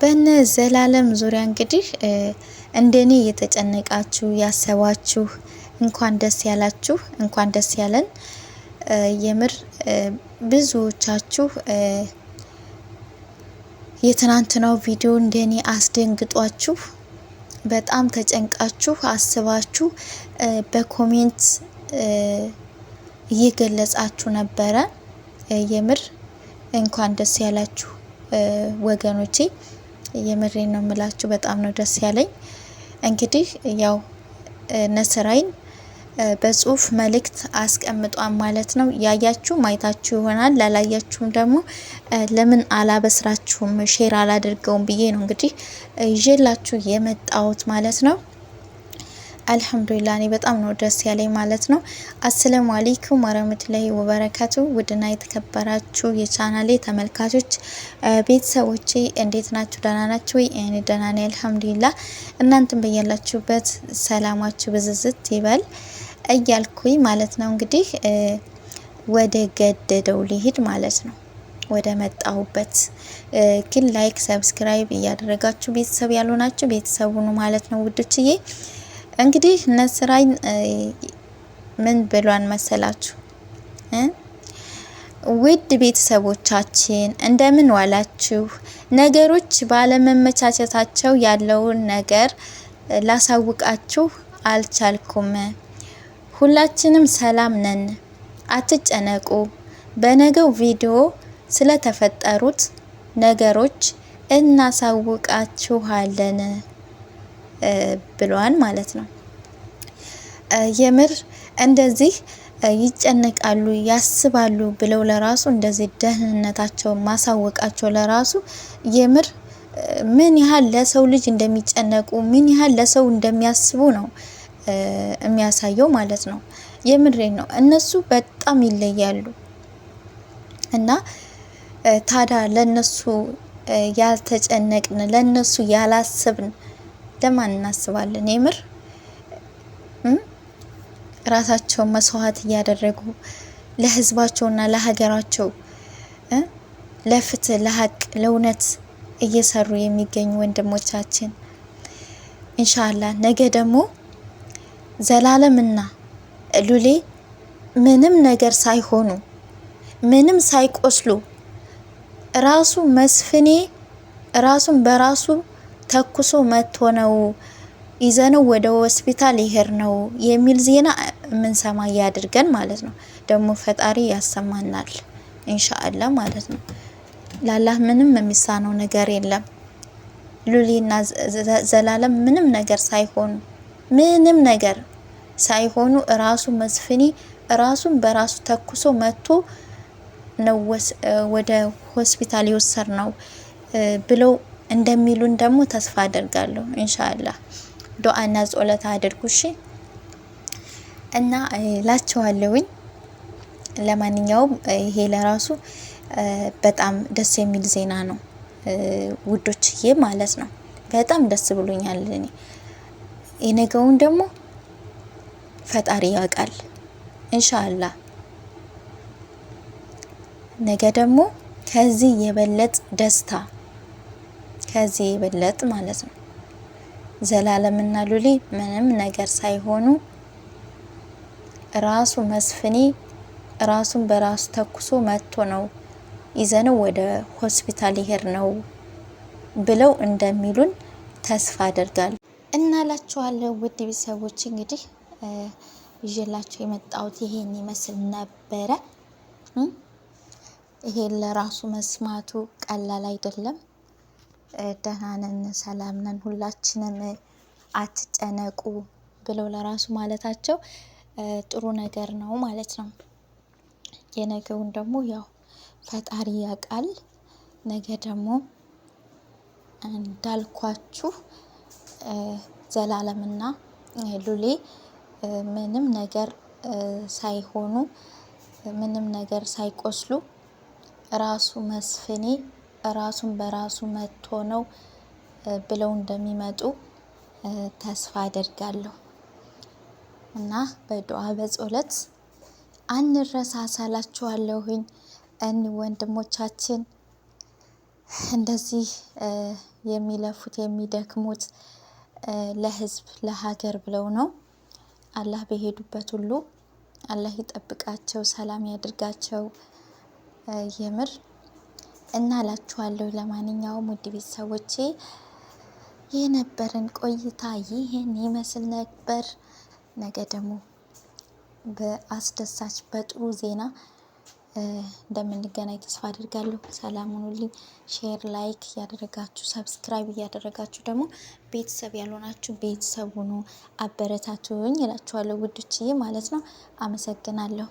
በነ ዘላለም ዙሪያ እንግዲህ እንደኔ እየተጨነቃችሁ ያሰባችሁ እንኳን ደስ ያላችሁ፣ እንኳን ደስ ያለን። የምር ብዙዎቻችሁ የትናንትናው ቪዲዮ እንደኔ አስደንግጧችሁ በጣም ተጨንቃችሁ አስባችሁ በኮሜንት እየገለጻችሁ ነበረ። የምር እንኳን ደስ ያላችሁ። ወገኖቼ የምሬን ነው የምላችሁ። በጣም ነው ደስ ያለኝ። እንግዲህ ያው ነስራይን በጽሁፍ መልእክት አስቀምጧን ማለት ነው። ያያችሁ ማየታችሁ ይሆናል። ላላያችሁም ደግሞ ለምን አላበስራችሁም ሼር አላደርገውም ብዬ ነው እንግዲህ ይዤላችሁ የመጣሁት ማለት ነው። አልሐምዱሊላ እኔ በጣም ነው ደስ ያለኝ ማለት ነው። አሰላሙ አሌይኩም ወረህመቱላሂ ወበረካቱ ውድና የተከበራችሁ የቻናሌ ተመልካቾች ቤተሰቦቼ እንዴት ናችሁ? ደህና ናችሁ ወይ? እኔ ደህና ነኝ አልሐምዱሊላ። እናንተም በያላችሁበት ሰላማችሁ ብዝዝት ይበል እያልኩኝ ማለት ነው እንግዲህ ወደ ገደደው ሊሄድ ማለት ነው ወደ መጣሁበት ግን ላይክ ሰብስክራይብ እያደረጋችሁ ቤተሰብ ያልሆናችሁ ቤተሰቡን ማለት ነው ውዶችዬ እንግዲህ ነስራይን ምን ብሏን መሰላችሁ? ውድ ቤተሰቦቻችን እንደምን ዋላችሁ? ነገሮች ባለመመቻቸታቸው ያለውን ነገር ላሳውቃችሁ አልቻልኩም። ሁላችንም ሰላም ነን፣ አትጨነቁ። በነገው ቪዲዮ ስለተፈጠሩት ነገሮች እናሳውቃችኋለን። ብለዋል ማለት ነው። የምር እንደዚህ ይጨነቃሉ፣ ያስባሉ ብለው ለራሱ እንደዚህ ደህንነታቸውን ማሳወቃቸው ለራሱ የምር ምን ያህል ለሰው ልጅ እንደሚጨነቁ ምን ያህል ለሰው እንደሚያስቡ ነው የሚያሳየው ማለት ነው። የምሬ ነው። እነሱ በጣም ይለያሉ እና ታዳ ለነሱ ያልተጨነቅን ለነሱ ያላስብን ለማን እናስባለን? የምር ራሳቸው መስዋዕት እያደረጉ ለህዝባቸውና ለሀገራቸው ለፍትህ፣ ለሀቅ፣ ለእውነት እየሰሩ የሚገኙ ወንድሞቻችን ኢንሻአላ ነገ ደግሞ ዘላለምና ሉሌ ምንም ነገር ሳይሆኑ ምንም ሳይቆስሉ ራሱ መስፍኔ ራሱን በራሱ ተኩሶ መጥቶ ነው ይዘነው ወደ ሆስፒታል ይሄር ነው የሚል ዜና የምንሰማ እያድርገን ማለት ነው። ደግሞ ፈጣሪ ያሰማናል እንሻአላ ማለት ነው። ላላህ ምንም የሚሳነው ነገር የለም። ሉሊና ዘላለም ምንም ነገር ሳይሆኑ ምንም ነገር ሳይሆኑ ራሱ መስፍኒ እራሱን በራሱ ተኩሶ መጥቶ ነው ወደ ሆስፒታል ይወሰድ ነው ብለው እንደሚሉን ደግሞ ተስፋ አደርጋለሁ። ኢንሻአላህ ዱዓና ጾለት አድርጉ እሺ። እና ላቸዋለሁኝ። ለማንኛውም ይሄ ለራሱ በጣም ደስ የሚል ዜና ነው ውዶችዬ ማለት ነው። በጣም ደስ ብሎኛል እኔ። የነገውን ደግሞ ፈጣሪ ያውቃል ኢንሻአላህ። ነገ ደግሞ ከዚህ የበለጠ ደስታ ከዚህ ይበለጥ ማለት ነው። ዘላለምና ሉሊ ምንም ነገር ሳይሆኑ ራሱ መስፍኔ ራሱን በራሱ ተኩሶ መጥቶ ነው ይዘነው ወደ ሆስፒታል ይሄድ ነው ብለው እንደሚሉን ተስፋ አደርጋለሁ እና ላችኋለሁ። ውድ ቤተሰቦች እንግዲህ ይዤላቸው የመጣሁት ይሄን ይመስል ነበረ። ይሄን ለራሱ መስማቱ ቀላል አይደለም። ደህና ነን፣ ሰላም ነን፣ ሁላችንም አትጨነቁ ብለው ለራሱ ማለታቸው ጥሩ ነገር ነው ማለት ነው። የነገውን ደግሞ ያው ፈጣሪ ያውቃል። ነገ ደግሞ እንዳልኳችሁ ዘላለምና ሉሌ ምንም ነገር ሳይሆኑ ምንም ነገር ሳይቆስሉ ራሱ መስፍኔ ራሱን በራሱ መጥቶ ነው ብለው እንደሚመጡ ተስፋ አደርጋለሁ እና በዱዓ በጸሎት አንረሳሳላችኋለሁኝ። እኒ ወንድሞቻችን እንደዚህ የሚለፉት የሚደክሙት ለህዝብ ለሀገር ብለው ነው። አላህ በሄዱበት ሁሉ አላህ ይጠብቃቸው፣ ሰላም ያድርጋቸው። የምር እና ላችኋለሁ። ለማንኛውም ውድ ቤተሰቦቼ የነበረን ቆይታ ይህን ይመስል ነበር። ነገ ደግሞ በአስደሳች በጥሩ ዜና እንደምንገናኝ ተስፋ አድርጋለሁ። ሰላም ሁኑልኝ። ሼር ላይክ እያደረጋችሁ ሰብስክራይብ እያደረጋችሁ ደግሞ ቤተሰብ ያልሆናችሁ ቤተሰብ ሁኑ፣ አበረታቱኝ እላችኋለሁ ውዶችዬ ማለት ነው። አመሰግናለሁ።